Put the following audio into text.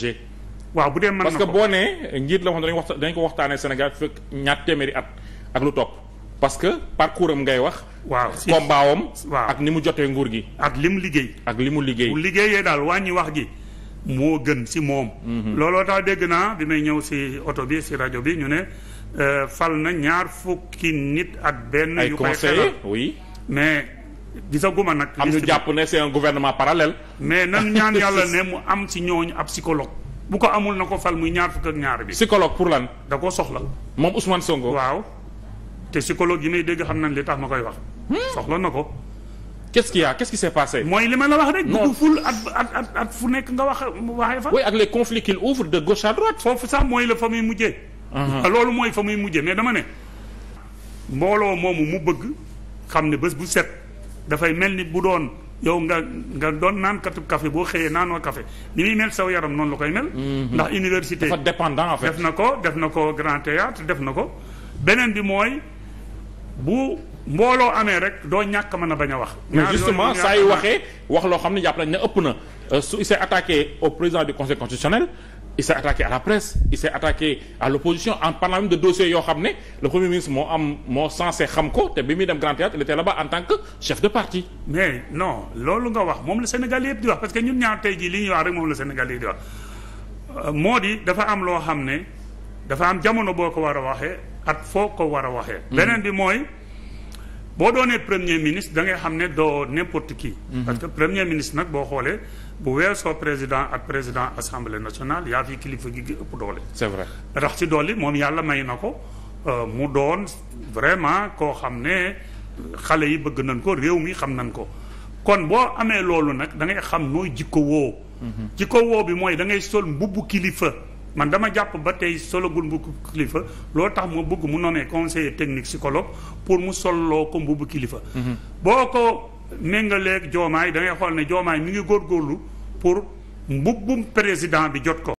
G. waaw bu dee mën na ko parce que boo nee njiit la wax dañu waxta ko waxtaanee Sénégal fekk ñaar téeméeri at ak lu topp parce que parcours am ngay wax. waaw si combat am waaw ak ni mu jotee nguur gi. at li mu liggéey. ak li mu liggéey bu liggéeyee daal wàññi wax gi. moo gën si moom. Mhm. looloo tax dégg naa bi may ñëw si oto bi si rajo bi ñu ne euh, fal na ñaar fukki nit ak benn. yu koy xelal ay mais. gisaguma nag. am ñu jàpp ne c'est un gouvernement parallèle. mais nan ñaan yàlla ne mu am ci ñooñu ab psychologue. bu ko amul na ko fal muy ñaar fukk ak ñaar bi. psychologue pour lan. da koo soxla. moom Ousmane Sonko. waaw te psychologue yi may dégg xam nañ li tax ma koy wax. Hmm? soxla na ko. qu'est-ce qu'il y a quest qui s'est passé. mooy li ma la wax rek. non dugg ful at at at fu nekk nga wax waxee fa. oui ak les conflits qu'il ouvre de gauche à foofu sax mooy la fa muy uh-huh. ah, loolu mooy fa muy mujjee mais dama ne. mbooloo moomu mu bëgg xam ne bés bu set. dafay mel ni bu doon yow nga nga doon naan katu café boo xëyee naanoo café ni muy mel saw yaram noonu la koy mel. Mhm. ndax université dafa dépendant en fait. def na ko def na ko grand théâtre def na ko beneen bi mooy bu mbooloo amee rek doo ñàkk ma a bañ a wax. mais justement saa yu waxee wax loo xam ne jàpp nañ ne ëpp na euh, su s'est attaqué au président du conseil constitutionnel. il s'est attaqué à la presse il s'est attaqué à l'opposition en parlant même de dossiers yoo xam ne le premier ministre moo am moo censé xam ko te bi muy dem Grand Théâtre il était là en tant que chef de parti mais non loolu nga wax moom la Sénégal yëpp di wax parce que ñun ñaar tey jii li ñuy wax rek moom la Sénégal di wax euh, moo di dafa am loo xam ne dafa am jamono boo ko war a waxee at foo ko war a waxee mm-hmm. beneen bi mooy boo doonee premier ministre da ngay xam ne doo n'importe qui mhm. parce que premier ministre nag boo xoolee bu weesoo président ak président assemblée nationale yaa fi kilifa gi ëpp doole c'est vrai ndax ci doole moom yàlla may na ko euh, mu doon vraiment koo xam ne xale yi bëgg nañ ko réew mi xam nañ ko kon boo amee loolu nag da ngay xam nooy jikko woo mhm. jikko woo bi mooy da ngay sol mbubbu kilifa man dama jàpp ba tey sologul mbubbu kilifa loo tax ma bëgg mu nommé conseiller technique psychologue pour mu soloo ko mbubbu kilifa. Mhm. boo ko méngaleeg joomaay da xool ne joomaay mu ngi góorgóorlu pour mbubbum président bi jot ko.